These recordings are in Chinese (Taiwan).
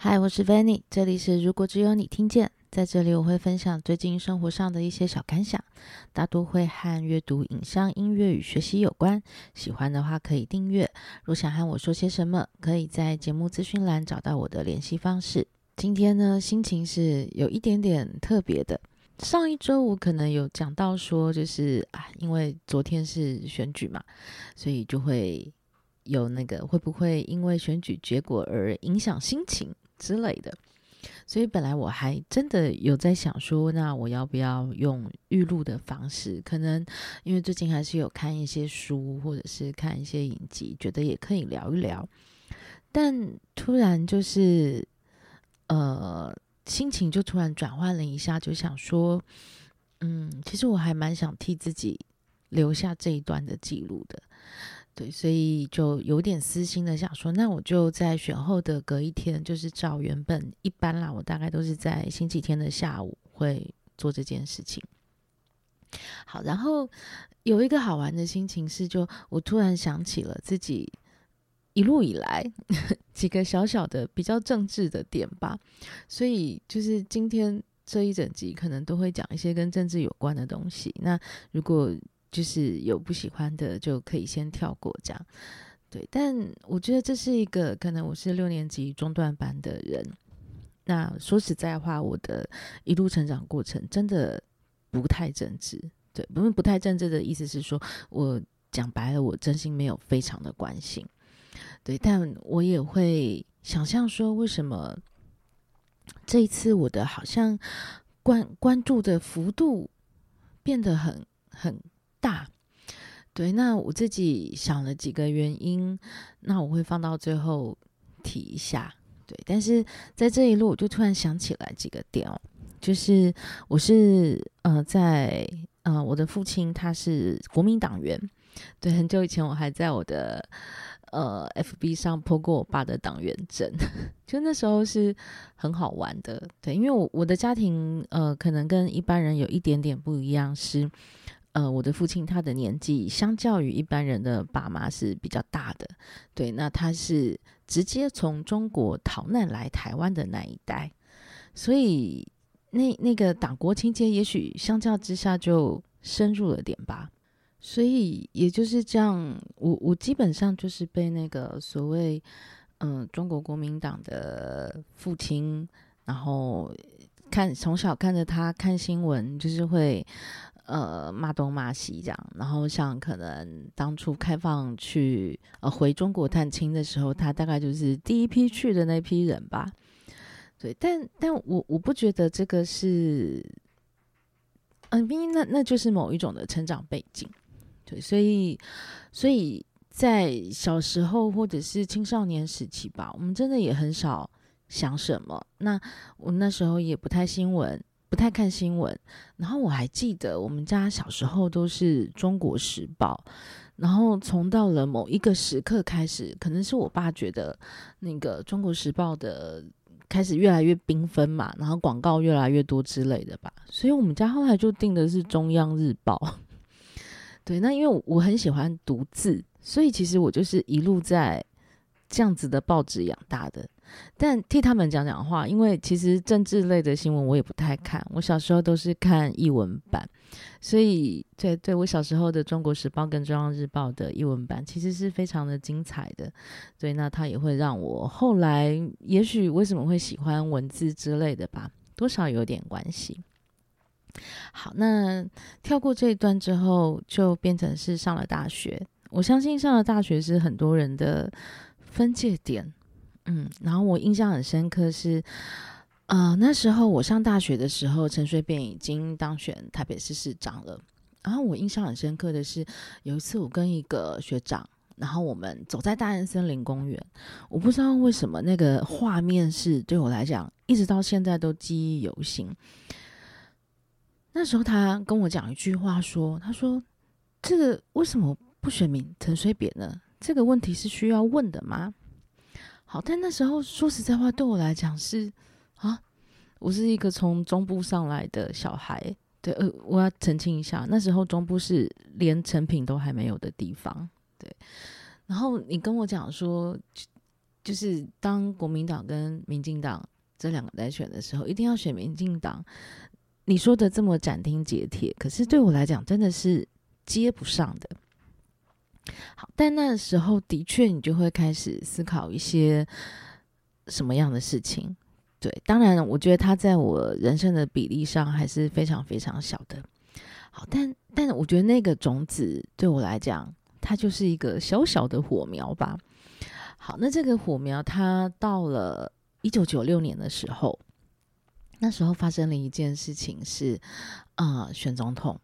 嗨，我是 Vanny，這裡是如果只有你聽見。在這裡我會分享最近生活上的一些小感想，大多會和閱讀、影像、音樂與學習有關。喜歡的話可以訂閱。若想和我說些什麼，可以在節目資訊欄找到我的聯繫方式。今天呢，心情是有一點點特別的。上一周我可能有講到說，就是啊，因為昨天是選舉嘛，所以就會有那個會不會因為選舉結果而影響心情。之類的，所以本來我還真的有在想說，那我要不要用預錄的方式？可能因為最近還是有看一些書，或者是看一些影集，覺得也可以聊一聊。但突然就是，呃，心情就突然轉換了一下，就想說，嗯，其實我還蠻想替自己留下這一段的記錄的。對，所以就有點私心的想說，那我就在選後的隔一天，就是照原本一般啦。我大概都是在星期天的下午會做這件事情。好，然後有一個好玩的心情是，就我突然想起了自己一路以來幾個小小的比較政治的點吧。所以就是今天這一整集可能都會講一些跟政治有關的東西。那如果就是有不喜歡的就可以先跳過這樣，對。但我覺得這是一個可能我是六年級中段班的人。那說實在話，我的一路成長過程真的不太正直。對，不是不太正直的意思是說，我講白了，我真心沒有非常的關心。對，但我也會想象說，為什麼這一次我的好像關關注的幅度變得很很。啊，對，那我自己想了幾個原因，那我會放到最後提一下。對，但是在這一路，我就突然想起來幾個點哦，就是我是呃，在呃，我的父親他是國民黨員，對，很久以前我還在我的呃 F B 上 PO 過我爸的黨員證，就那時候是很好玩的。對，因為我我的家庭呃，可能跟一般人有一點點不一樣，是。呃，我的父親他的年紀相較於一般人的爸媽是比較大的，對，那他是直接從中國逃難來台灣的那一代，所以那那個黨國情結也許相較之下就深入了點吧。所以也就是這樣，我我基本上就是被那個所謂嗯、呃、中國國民黨的父親，然後看從小看着他看新聞，就是會。呃，罵東罵西這樣，然後像可能當初開放去呃回中國探親的時候，他大概就是第一批去的那批人吧。對，但但我我不覺得這個是，嗯、呃，那那就是某一種的成長背景。對，所以所以在小時候或者是青少年時期吧，我們真的也很少想什麼。那我那時候也不太新聞。不太看新聞，然後我還記得我們家小時候都是《中國時報》，然後從到了某一個時刻開始，可能是我爸覺得那個《中國時報》的開始越來越繽紛嘛，然後廣告越來越多之類的吧，所以我們家後來就訂的是《中央日報》。對，那因為我我很喜歡讀字，所以其實我就是一路在這樣子的報紙養大的。但替他們講講話，因為其實政治類的新聞我也不太看，我小時候都是看藝文版，所以對，對，我小時候的《中國時報》跟《中央日報》的藝文版其實是非常的精彩的。所以那它也會讓我後來也許為什麼會喜歡文字之類的吧，多少有點關係。好，那跳過這一段之後，就變成是上了大學。我相信上了大學是很多人的分界點。嗯，然後我印象很深刻是，呃，那時候我上大學的時候，陳水扁已經當選台北市市長了。然後我印象很深刻的是，有一次我跟一個學長，然後我們走在大安森林公園，我不知道為什麼那個畫面是對我來講一直到現在都記憶猶新。那時候他跟我講一句話，說：“他說這個為什麼不選民陳水扁呢？這個問題是需要問的嗎？”好，但那時候說實在話，對我來講是啊，我是一個從中部上來的小孩。對，呃，我要澄清一下，那時候中部是連誠品都還沒有的地方。對，然後你跟我講說，就是當國民黨跟民進黨這兩個來選的時候，一定要選民進黨。你說的這麼斬釘截鐵，可是對我來講，真的是接不上的。好，但那時候的確，你就會開始思考一些什麼樣的事情。對，當然，我覺得他在我人生的比例上還是非常非常小的。好，但但我覺得那個種子對我來講，它就是一個小小的火苗吧。好，那這個火苗，它到了一九九六年的時候，那時候發生了一件事情是，啊，選總統。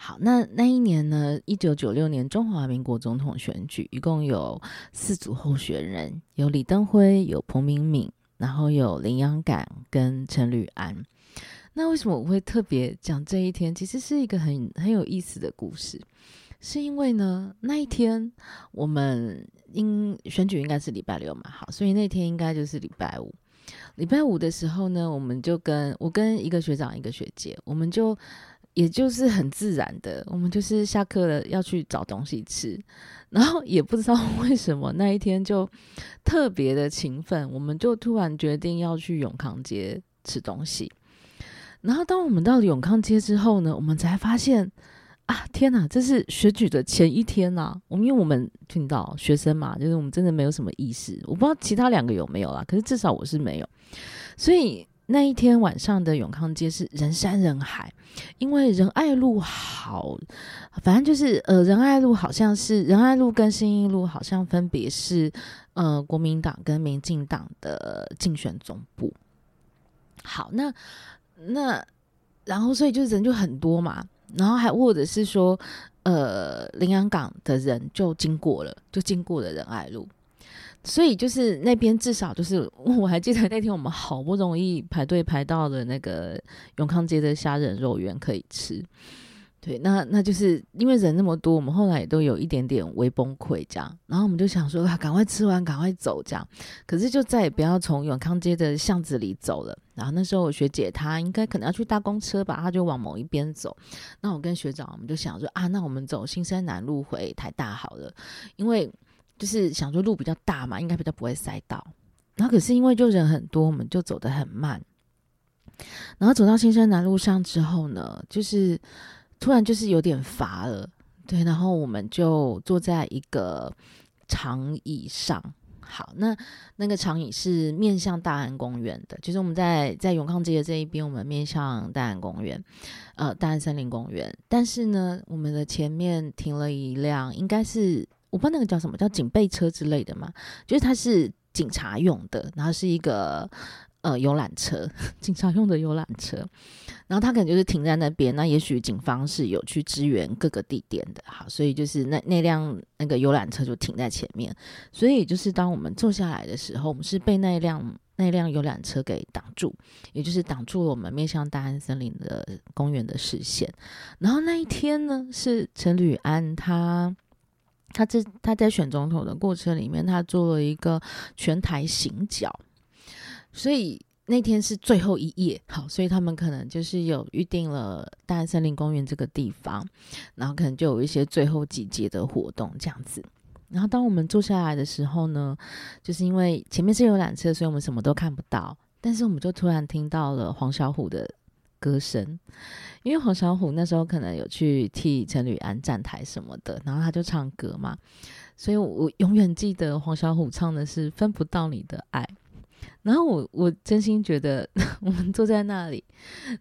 好，那那一年呢？一九九六年中華民國總統選舉，一共有四組候選人，有李登輝，有彭明敏，然後有林洋港跟陳履安。那為什麼我會特別講這一天？其實是一個很很有意思的故事，是因為呢，那一天我們應選舉應該是禮拜六嘛，好，所以那天應該就是禮拜五。禮拜五的時候呢，我們就跟我跟一個學長一個學姐，我們就。也就是很自然的，我們就是下課了要去找東西吃，然後也不知道為什麼那一天就特別的勤奮，我們就突然決定要去永康街吃東西。然後當我們到了永康街之後呢，我們才發現啊，天哪，這是選舉的前一天吶！我們因為我們聽到學生嘛，就是我們真的沒有什麼意思，我不知道其他兩個有沒有啦，可是至少我是沒有，所以。那一天晚上的永康街是人山人海，因為仁愛路好，反正就是呃，仁愛路好像是仁愛路跟信義路好像分別是呃國民黨跟民進黨的競選總部。好，那那然後所以就人就很多嘛，然後還或者是說呃林洋港的人就經過了，就經過了仁愛路。所以就是那邊至少就是我還記得那天我們好不容易排隊排到了那個永康街的蝦仁肉圓可以吃，對，那那就是因為人那麼多，我們後來也都有一點點微崩潰這樣，然後我們就想說啊，趕快吃完趕快走這樣，可是就再也不要從永康街的巷子裡走了。然後那時候我學姐她應該可能要去搭公車吧，她就往某一邊走，那我跟學長我們就想說啊，那我們走新生南路回台大好了，因為。就是想說路比較大嘛，應該比較不會塞到。然後可是因為就人很多，我們就走得很慢。然後走到新生南路上之後呢，就是突然就是有點乏了，對。然後我們就坐在一個長椅上。好，那那個長椅是面向大安公園的，就是我們在在永康街的這一邊，我們面向大安公園，呃，大安森林公園。但是呢，我們的前面停了一輛，應該是。我不知道那個叫什麼，叫警備車之類的嘛，就是它是警察用的，然後是一個呃遊覽車，警察用的遊覽車，然後它可能就是停在那邊。那也許警方是有去支援各個地點的，好，所以就是那那輛那個遊覽車就停在前面。所以就是當我們坐下來的時候，我們是被那輛那輛遊覽車給擋住，也就是擋住了我們面向大安森林的公園的視線。然後那一天呢，是陳履安他。他這他在選總統的過程裡面，他做了一個全台行腳，所以那天是最後一夜。好，所以他們可能就是有預定了大安森林公園這個地方，然後可能就有一些最後幾節的活動這樣子。然後當我們坐下來的時候呢，就是因為前面是遊覽車，所以我們什麼都看不到，但是我們就突然聽到了黃小虎的歌聲，因為黃小琥那時候可能有去替陳履安站台什麼的，然後他就唱歌嘛，所以我，我永遠記得黃小琥唱的是《分不到你的愛》。然後我我真心覺得，我們坐在那裡，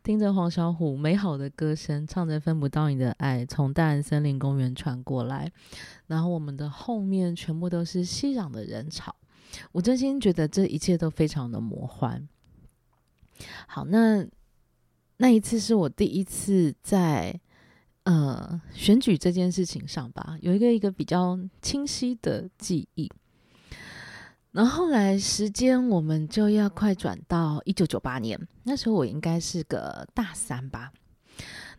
聽着黃小琥美好的歌聲，唱着《分不到你的愛》，從大安森林公園傳過來，然後我們的後面全部都是熙攘的人潮，我真心覺得這一切都非常的魔幻。好，那。那一次是我第一次在呃選舉這件事情上吧，有一個一個比較清晰的記憶。然後後來時間我們就要快轉到1998年，那時候我應該是個大三吧。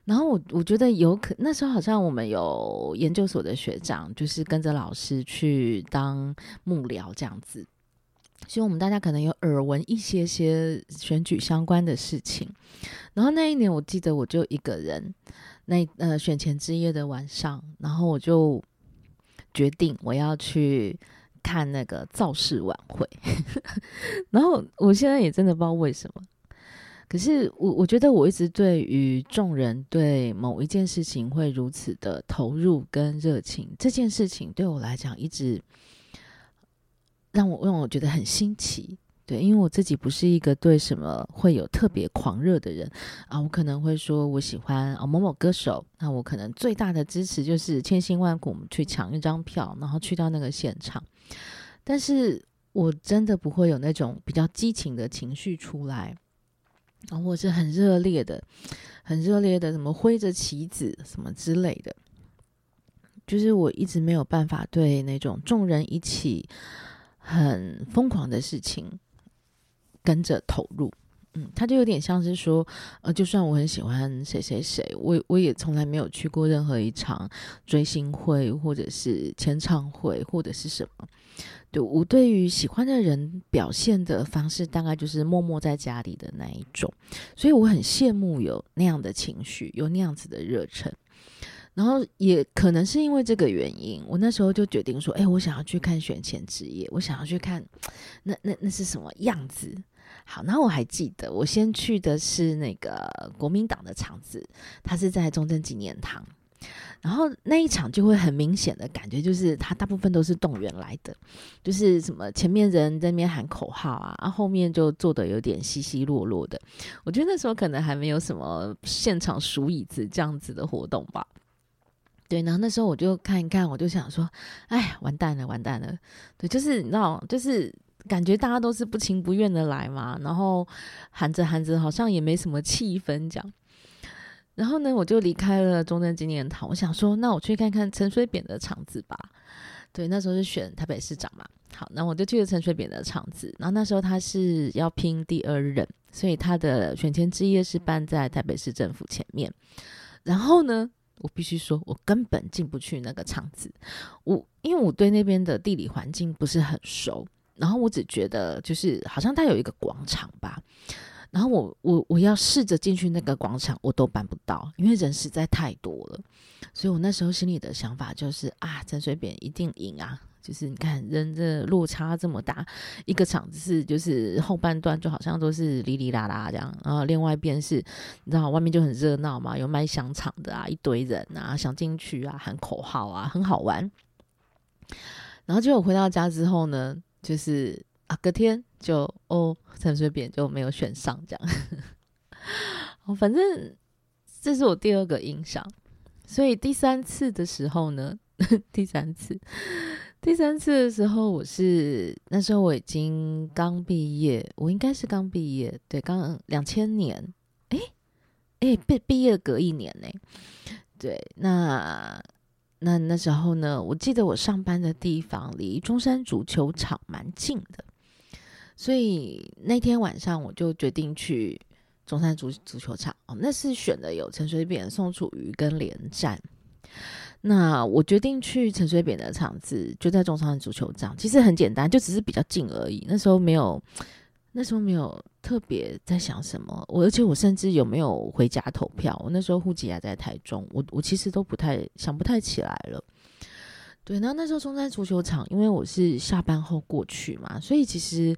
然後我我覺得有可那時候好像我們有研究所的學長，就是跟着老師去當幕僚這樣子。希望我們大家可能有耳聞一些些選舉相關的事情。然後那一年，我記得我就一個人，那呃選前之夜的晚上，然後我就決定我要去看那個造勢晚會。 然後我現在也真的不知道為什麼，可是我我覺得我一直對於眾人對某一件事情會如此的投入跟熱情，這件事情對我來講一直。讓我讓我覺得很新奇，對，因為我自己不是一個對什麼會有特別狂熱的人啊，我可能會說我喜歡某某歌手，那、啊、我可能最大的支持就是千辛萬苦去搶一張票，然後去到那個現場，但是我真的不會有那種比較激情的情緒出來，啊，或是很熱烈的、很熱烈的，什麼揮着旗子什麼之類的，就是我一直沒有辦法對那種眾人一起。很瘋狂的事情，跟着投入，嗯，他就有點像是說，呃，就算我很喜歡誰誰誰，我我也從來沒有去過任何一場追星會，或者是簽唱會，或者是什麼。對，我對於喜歡的人表現的方式，大概就是默默在家裡的那一種，所以我很羨慕有那樣的情緒，有那樣子的熱忱。然後也可能是因為這個原因，我那時候就決定說，哎、欸，我想要去看選前之夜，我想要去看那那那是什麼樣子。好，那我還記得，我先去的是那個國民黨的場子，他是在中正紀念堂。然後那一場就會很明顯的感覺，就是他大部分都是動員來的，就是什麼前面人在那邊喊口號啊，後、啊、後面就坐得有點稀稀落落的。我覺得那時候可能還沒有什麼現場數椅子這樣子的活動吧。對，然後那時候我就看一看，我就想說，哎，完蛋了，完蛋了。對，就是你知道，就是感覺大家都是不情不願的來嘛。然後喊着喊着，好像也沒什麼氣氛，這樣。然後呢，我就離開了中正紀念堂。我想說，那我去看看陳水扁的場子吧。對，那時候是選台北市長嘛。好，那我就去了陳水扁的場子。然後那時候他是要拼第二任，所以他的選前之夜是辦在台北市政府前面。然後呢，我必須說，我根本進不去那個場子。我因為我對那邊的地理環境不是很熟，然後我只覺得就是好像它有一個廣場吧，然後我我我要試着進去那個廣場，我都辦不到，因為人實在太多了。所以我那時候心裡的想法就是啊，陳水扁一定贏啊。就是你看人的落差這麼大，一個場子是就是後半段就好像都是哩哩啦啦這樣，然後另外一邊是，你知道外面就很熱鬧嘛，有賣香腸的啊，一堆人啊，想進去啊，喊口號啊，很好玩。然後結果回到家之後呢，就是、啊、隔天就哦陳水扁就沒有選上這樣，呵呵反正這是我第二個印象，所以第三次的時候呢，呵呵第三次。第三次的時候，我是那時候我已經剛畢業，我應該是剛畢業，對，剛兩千年，誒、欸、誒，畢、欸、畢業隔一年呢、欸，對，那那那時候呢，我記得我上班的地方離中山足球場蠻近的，所以那天晚上我就決定去中山足足球場，哦，那是選的有陳水扁、宋楚瑜跟連戰。那我決定去陳水扁的場子，就在中山足球場。其實很簡單，就只是比較近而已。那時候沒有，那時候沒有特別在想什麼。我而且我甚至有沒有回家投票？我那時候戶籍還在台中，我我其實都不太想不太起來了。對，那那時候中山足球場，因為我是下班後過去嘛，所以其實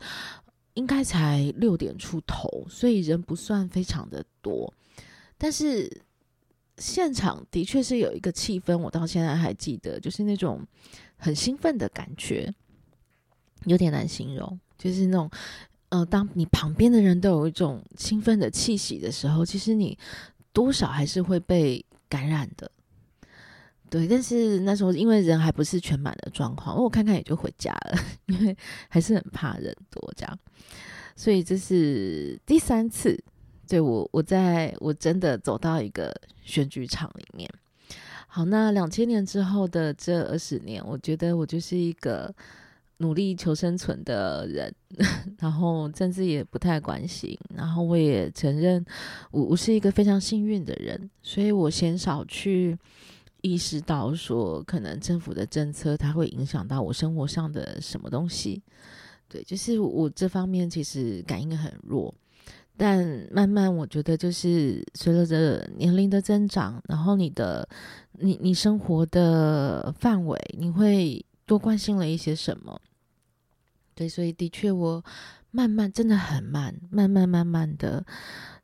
應該才六點出頭，所以人不算非常的多，但是。現場的確是有一個氣氛，我到現在還記得，就是那種很興奮的感覺，有點難形容。就是那種，呃，當你旁邊的人都有一種興奮的氣息的時候，其實你多少還是會被感染的。對，但是那時候因為人還不是全滿的狀況，我看看也就回家了，因為還是很怕人多這樣。所以這是第三次。對我，我在我真的走到一個選舉場裡面。好，那兩千年之後的這二十年，我覺得我就是一個努力求生存的人，然後政治也不太關心，然後我也承認我我是一個非常幸運的人，所以我鮮少去意識到說可能政府的政策它會影響到我生活上的什麼東西。對，就是我這方面其實感應很弱。但慢慢，我覺得就是隨着年齡的增長，然後你的，你你生活的範圍，你會多關心了一些什麼？對，所以的確，我慢慢真的很慢，慢慢慢慢的，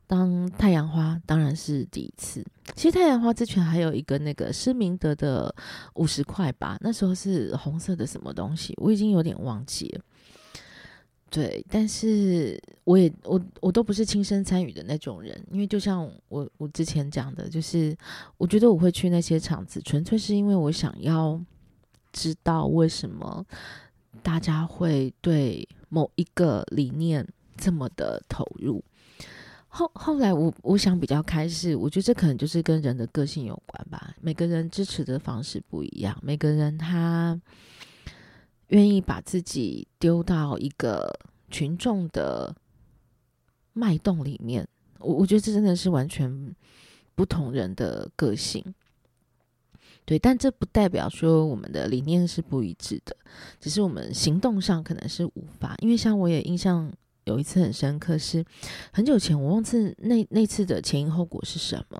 當太陽花當然是第一次。其實太陽花之前還有一個那個施明德的五十塊吧，那時候是紅色的什麼東西，我已經有點忘記了。對，但是我也我我都不是親身參與的那種人，因為就像我我之前講的，就是我覺得我會去那些場子，純粹是因為我想要知道為什麼大家會對某一個理念這麼的投入。後後來我我想比較開始，我覺得這可能就是跟人的個性有關吧，每個人支持的方式不一樣，每個人他。願意把自己丟到一個群眾的脈動裡面，我我覺得這真的是完全不同人的個性。對，但這不代表說我們的理念是不一致的，只是我們行動上可能是無法。因為像我也印象有一次很深刻是很久前，我忘記那那次的前因後果是什麼。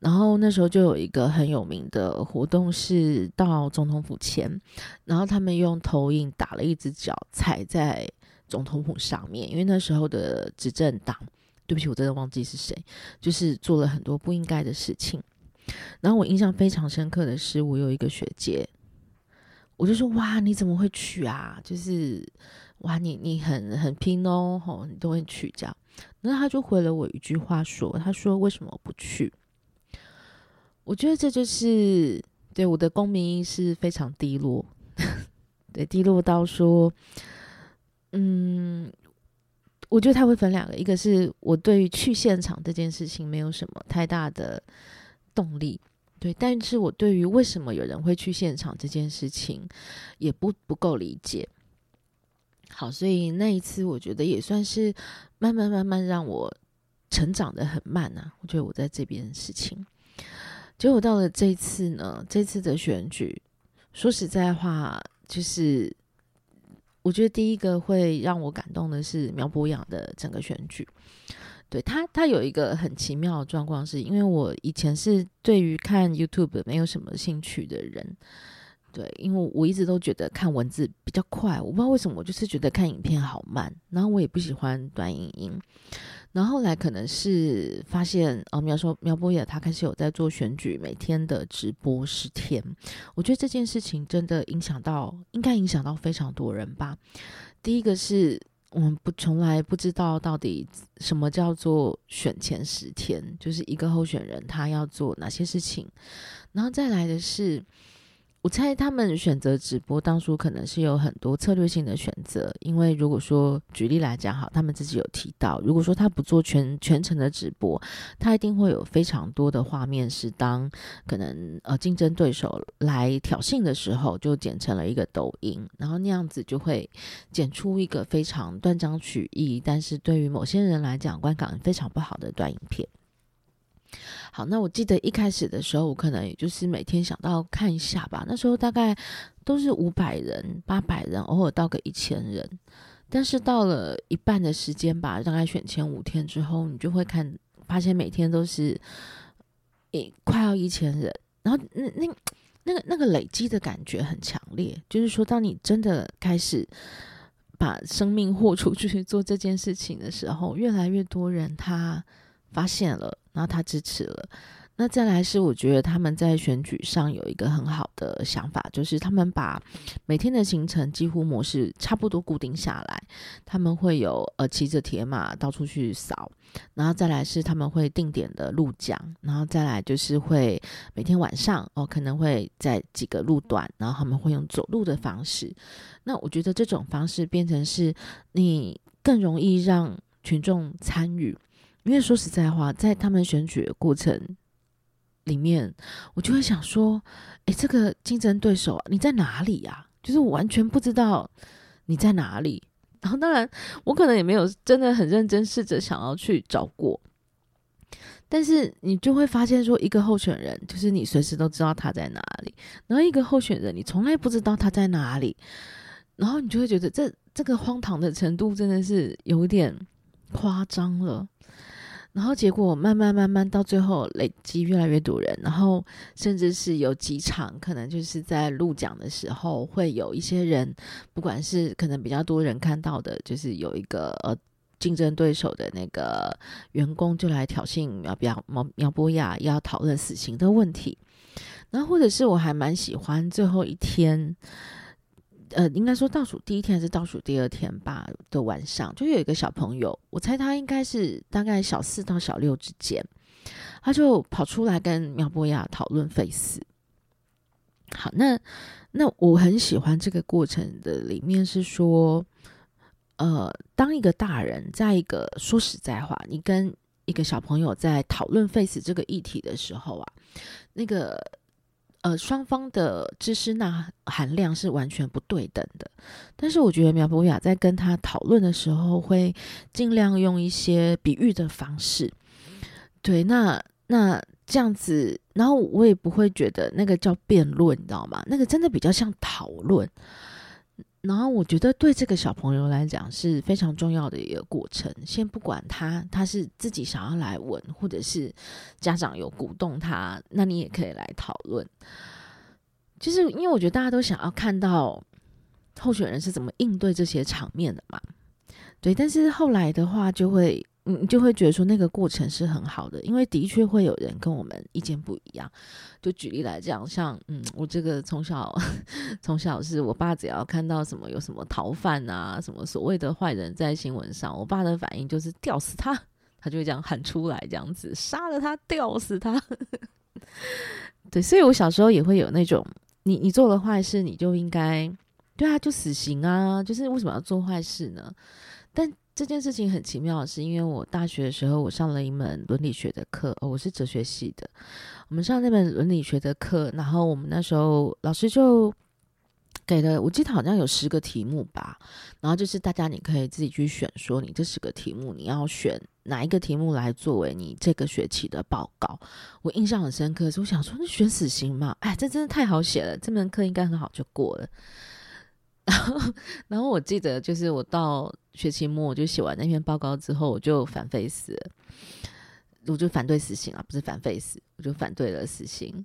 然後那時候就有一個很有名的活動，是到總統府前，然後他們用投影打了一只腳踩在總統府上面，因為那時候的執政黨，對不起，我真的忘記是誰，就是做了很多不應該的事情。然後我印象非常深刻的是，我有一個學姐，我就說哇，你怎麼會去啊？就是哇，你你很很拼哦，吼、哦，你都會去這樣。那他就回了我一句話說，說他說為什麼不去？我覺得這就是對我的公民意識是非常低落， 對，低落到說，嗯，我覺得他會分兩個，一個是我對於去現場這件事情沒有什麼太大的動力，對，但是我對於為什麼有人會去現場這件事情也不不夠理解。好，所以那一次我覺得也算是慢慢慢慢讓我成長得很慢啊。我覺得我在這邊事情。結果到了這次呢，這次的選舉，說實在話，就是我覺得第一個會讓我感動的是苗博雅的整個選舉。對他，他有一個很奇妙的狀況是，是因為我以前是對於看 YouTube 沒有什麼興趣的人。對，因為我一直都覺得看文字比較快，我不知道為什麼，我就是覺得看影片好慢，然後我也不喜歡短影音、音。然後來可能是發現哦、啊，苗說苗博雅他開始有在做選舉每天的直播十天，我覺得這件事情真的影響到，應該影響到非常多人吧。第一個是我們不從來不知道到底什麼叫做選前十天，就是一個候選人他要做哪些事情，然後再來的是。我猜他們選擇直播當初可能是有很多策略性的選擇，因為如果說舉例來講，好，他們自己有提到，如果說他不做全全程的直播，他一定會有非常多的畫面是當可能呃競爭對手來挑釁的時候，就剪成了一個抖音，然後那樣子就會剪出一個非常斷章取義，但是對於某些人來講觀感非常不好的短影片。好，那我記得一開始的時候，我可能也就是每天想到看一下吧。那時候大概都是五百人、八百人，偶爾到個一千人。但是到了一半的時間吧，大概選前五天之後，你就會看，發現每天都是一、欸、快要一千人。然後那那那個那個累積的感覺很強烈，就是說，當你真的開始把生命豁出去做這件事情的時候，越來越多人他發現了。然後他支持了，那再來是我覺得他們在選舉上有一個很好的想法，就是他們把每天的行程幾乎模式差不多固定下來，他們會有呃騎着鐵馬到處去掃，然後再來是他們會定點的路講，然後再來就是會每天晚上哦可能會在幾個路段，然後他們會用走路的方式。那我覺得這種方式變成是你更容易讓群眾參與。因為說實在話，在他們選舉的過程裡面，我就會想說：“誒，這個競爭對手啊，你在哪裡呀？”就是我完全不知道你在哪裡。然後，當然我可能也沒有真的很認真試着想要去找過。但是你就會發現，說一個候選人，就是你隨時都知道他在哪裡；然後一個候選人，你從來不知道他在哪裡。然後你就會覺得這，這個荒唐的程度真的是有一點誇張了。然後結果慢慢慢慢到最後累積越來越多人，然後甚至是有幾場可能就是在錄講的時候會有一些人，不管是可能比較多人看到的，就是有一個呃、競爭對手的那個員工就來挑釁苗苗苗博雅要討論死刑的問題，然後或者是我還蠻喜歡最後一天。呃，應該說倒數第一天還是倒數第二天吧的晚上，就有一個小朋友，我猜他應該是大概小四到小六之間，他就跑出來跟苗博雅討論 face。好，那那我很喜歡這個過程的裡面是說，呃，當一個大人在一個說實在話，你跟一個小朋友在討論 face 這個議題的時候啊，那個。呃，雙方的知識那含量是完全不對等的，但是我覺得苗博雅在跟他討論的時候，會盡量用一些比喻的方式，對，那那這樣子，然後我也不會覺得那個叫辯論，你知道嗎？那個真的比較像討論。然後我覺得對這個小朋友來講是非常重要的一個過程。先不管他他是自己想要來問，或者是家長有鼓動他，那你也可以來討論。就是因為我覺得大家都想要看到候選人是怎麼應對這些場面的嘛。對，但是後來的話就會。你就會覺得說那個過程是很好的，因為的確會有人跟我們意見不一樣。就舉例來講，像嗯，我這個從小從小是我爸，只要看到什麼有什麼逃犯啊，什麼所謂的壞人在新聞上，我爸的反應就是吊死他，他就會這樣喊出來，這樣子殺了他，吊死他。 對，所以我小時候也會有那種，你你做了壞事，你就應該對啊，就死刑啊，就是為什麼要做壞事呢？但。這件事情很奇妙，是因為我大學的時候我上了一門倫理學的課，哦，我是哲學系的。我們上了那門倫理學的課，然後我們那時候老師就給了，我記得好像有十個題目吧。然後就是大家你可以自己去選，說你這十個題目你要選哪一個題目來作為你這個學期的報告。我印象很深刻，是我想說，那選死刑嘛？哎，這真的太好寫了，這門課應該很好就過了。然後，然後我記得就是我到學期末，我就寫完那篇報告之後，我就反廢死了，我就反對死刑啊，不是反廢死，我就反對了死刑。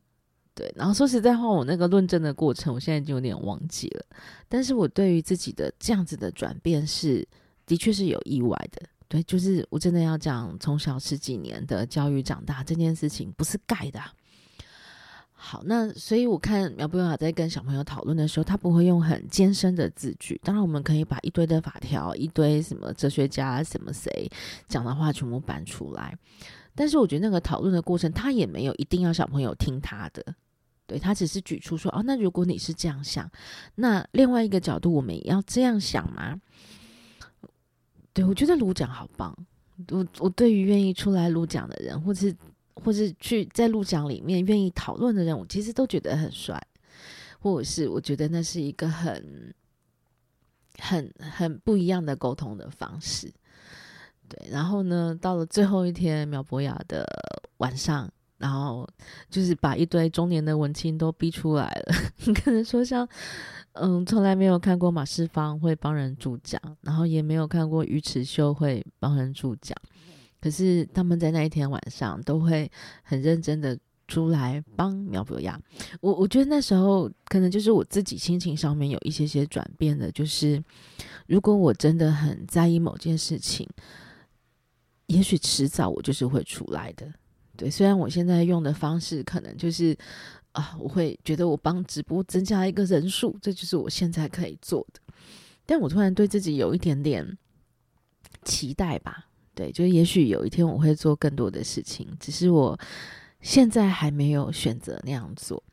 對，然後說實在話，我那個論證的過程，我現在已經有點忘記了。但是我對於自己的這樣子的轉變，是的確是有意外的。對，就是我真的要講，從小十幾年的教育長大這件事情，不是蓋的啊。好，那所以我看苗博雅在跟小朋友討論的時候，他不會用很艱深的字句。當然，我們可以把一堆的法條、一堆什麼哲學家什麼誰講的話全部搬出來。但是我覺得那個討論的過程，他也沒有一定要小朋友聽他的。對，他只是舉出說：“哦，那如果你是這樣想，那另外一個角度，我們也要這樣想嗎？”對，我覺得路講好棒。我我對於願意出來路講的人，或是。或是去在錄講裡面願意討論的人，我其實都覺得很帥，或者是我覺得那是一個很、很、很不一樣的溝通的方式。對，然後呢，到了最後一天苗博雅的晚上，然後就是把一堆中年的文青都逼出來了，你可 能說像嗯，從來沒有看過馬世芳會幫人助講，然後也沒有看過於池秀會幫人助講。可是他們在那一天晚上都會很認真的出來幫苗博雅，我我覺得那時候可能就是我自己心情上面有一些些轉變的，就是如果我真的很在意某件事情，也許遲早我就是會出來的。對，雖然我現在用的方式可能就是啊，我會覺得我幫直播增加一個人數，這就是我現在可以做的。但我突然對自己有一點點期待吧。對，就也許有一天我會做更多的事情，只是我現在還沒有選擇那樣做。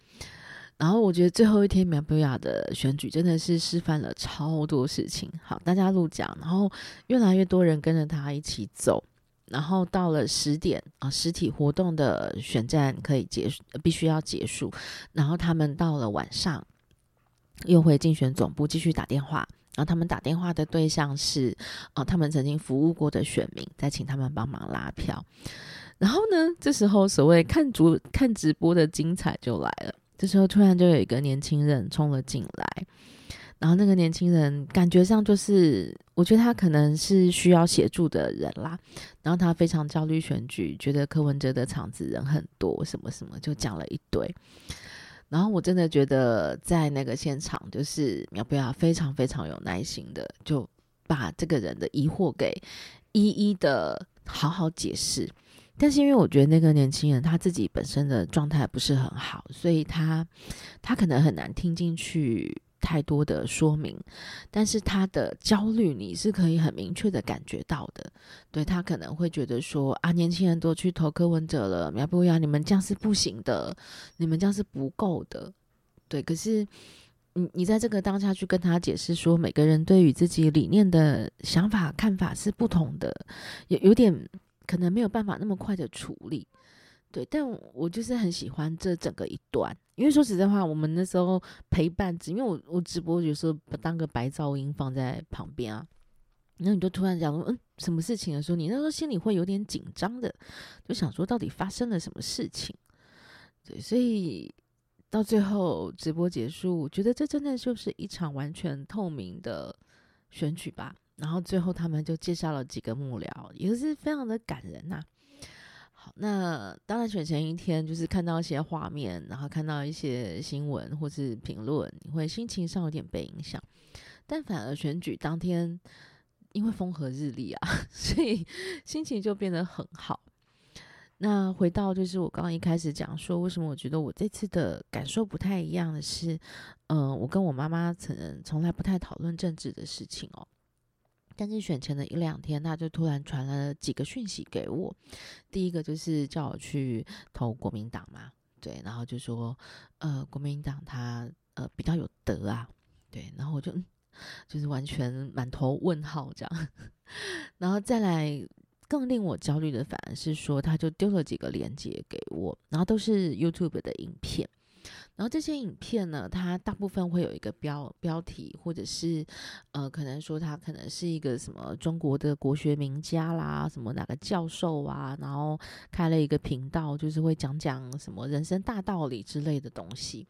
然後我覺得最後一天苗博雅的選舉真的是示範了超多事情。好，大家錄講，然後越來越多人跟着他一起走。然後到了十點啊、呃，實體活動的選戰可以結束，呃，必須要結束。然後他們到了晚上，又回競選總部繼續打電話。然後他們打電話的對象是，啊，他們曾經服務過的選民，在請他們幫忙拉票。然後呢，這時候所謂看主看直播的精彩就來了。這時候突然就有一個年輕人衝了進來，然後那個年輕人感覺上就是，我覺得他可能是需要協助的人啦。然後他非常焦慮選舉，覺得柯文哲的場子人很多，什麼什麼就講了一堆。然後我真的覺得，在那個現場，就是苗博雅非常非常有耐心的，就把這個人的疑惑給一一的好好解釋。但是因為我覺得那個年輕人他自己本身的狀態不是很好，所以他他可能很難聽進去。太多的說明，但是他的焦慮你是可以很明確的感覺到的。對，他可能會覺得說啊，年輕人都去投柯文哲了，苗博雅，你們這樣是不行的，你們這樣是不夠的。對，可是你你在這個當下去跟他解釋說，每個人對於自己理念的想法看法是不同的，有有點可能沒有辦法那麼快的處理。對，但我就是很喜歡這整個一段，因為說實在話，我們那時候陪伴，因為我我直播有時候當個白噪音放在旁邊啊，然後你就突然講說，嗯，什麼事情的時候，你那時候心裡會有點緊張的，就想說到底發生了什麼事情。對，所以到最後直播結束，我覺得這真的就是一場完全透明的選舉吧。然後最後他們就介紹了幾個幕僚，也是非常的感人吶、啊。好，那當然選前一天就是看到一些畫面，然後看到一些新聞或是評論，你會心情上有點被影響。但反而選舉當天，因為風和日麗啊，所以心情就變得很好。那回到就是我剛剛一開始講說，為什麼我覺得我這次的感受不太一樣的是，嗯、呃，我跟我媽媽曾經從來不太討論政治的事情哦。但是選前的一兩天，他就突然傳了幾個訊息給我。第一個就是叫我去投國民黨嘛，對，然後就說，呃，國民黨他呃比較有德啊，對，然後我就就是完全滿頭問號這樣。然後再來更令我焦慮的反而是說，他就丟了幾個鏈接給我，然後都是 YouTube 的影片。然後這些影片呢，它大部分會有一個標標題，或者是呃，可能說它可能是一個什麼中國的國學名家啦，什麼哪個教授啊，然後開了一個頻道，就是會講講什麼人生大道理之類的東西，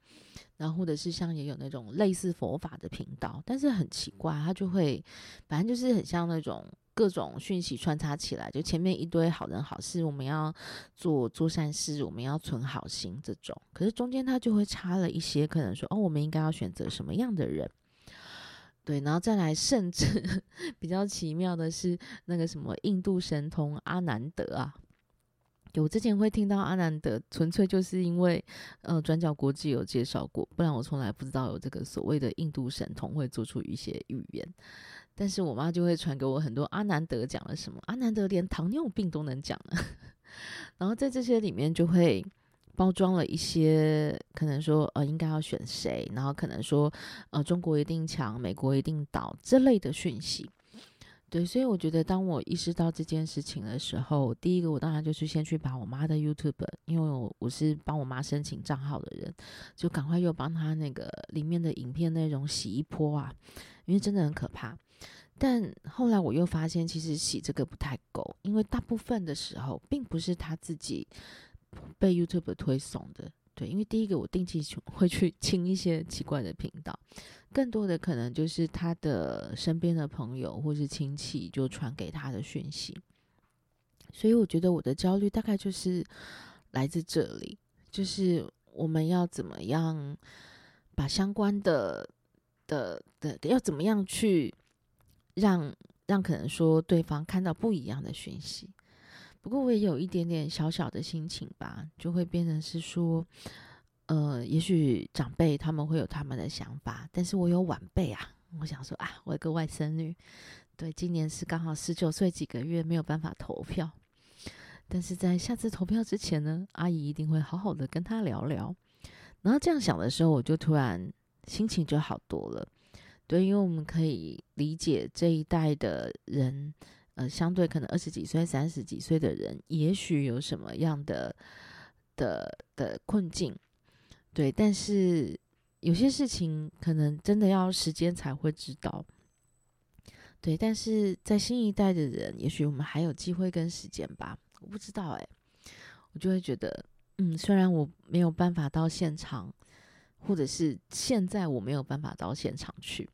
然後或者是像也有那種類似佛法的頻道，但是很奇怪，它就會反正就是很像那種。各種訊息穿插起來，就前面一堆好人好事，我們要做做善事，我們要存好心這種。可是中間它就會插了一些，可能說哦，我們應該要選擇什麼樣的人。對，然後再來，甚至呵呵比較奇妙的是那個什麼印度神童阿南德啊有，我之前會聽到阿南德，純粹就是因為呃轉角國際有介紹過，不然我從來不知道有這個所謂的印度神童會做出一些預言。但是我媽就會傳給我很多阿南德講了什麼，阿南德連糖尿病都能講了。然後在這些裡面就會包裝了一些可能說呃應該要選誰，然後可能說呃中國一定強，美國一定倒之類的訊息。對，所以我覺得當我意識到這件事情的時候，第一個我當然就是先去把我媽的 YouTube，因為我我是幫我媽申請賬號的人，就趕快又幫她那個裡面的影片內容洗一波啊，因為真的很可怕。但後來我又發現，其實洗這個不太夠，因為大部分的時候並不是他自己被 YouTube 推送的。對，因為第一個我定期會去清一些奇怪的頻道，更多的可能就是他的身邊的朋友或是親戚就傳給他的訊息。所以我覺得我的焦慮大概就是來自這裡，就是我們要怎麼樣把相關的的的要怎麼樣去。讓讓可能說對方看到不一樣的訊息，不過我也有一點點小小的心情吧，就會變成是說，呃，也許長輩他們會有他們的想法，但是我有晚輩啊，我想說啊，我有個外甥女，對，今年是剛好十九歲幾個月，沒有辦法投票，但是在下次投票之前呢，阿姨一定會好好的跟她聊聊，然後這樣想的時候，我就突然心情就好多了。對，因為我們可以理解這一代的人，呃，相對可能二十幾歲、三十幾歲的人，也許有什麼樣的的的困境，對。但是有些事情可能真的要時間才會知道。對，但是在新一代的人，也許我們還有機會跟時間吧。我不知道、欸，哎，我就會覺得，嗯，雖然我沒有辦法到現場，或者是現在我沒有辦法到現場去。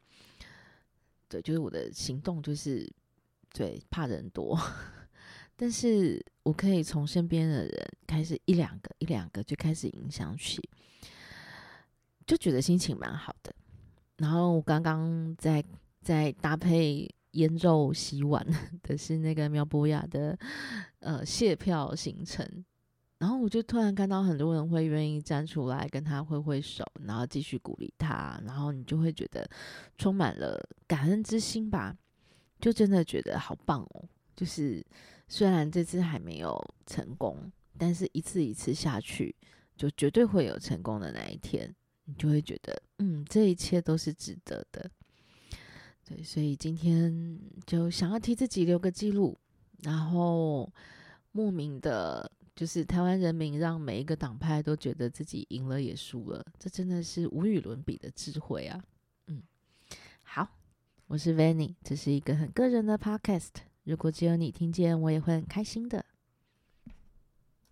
對，就是我的行動，就是對怕人多， 但是我可以從身邊的人開始一兩個一兩個就開始影響起，就覺得心情蠻好的。然後我剛剛在在搭配醃肉洗碗的是那個苗博雅的呃謝票行程。然後我就突然看到很多人會願意站出來跟他揮揮手，然後繼續鼓勵他，然後你就會覺得充滿了感恩之心吧，就真的覺得好棒哦！就是雖然這次還沒有成功，但是一次一次下去，就絕對會有成功的那一天。你就會覺得，嗯，這一切都是值得的。對，所以今天就想要替自己留個記錄，然後莫名的。就是台灣人民讓每一個黨派都覺得自己贏了也輸了，這真的是無與倫比的智慧啊！嗯，好，我是 Vanny，這是一個很個人的 Podcast，如果只有你聽見，我也會很開心的。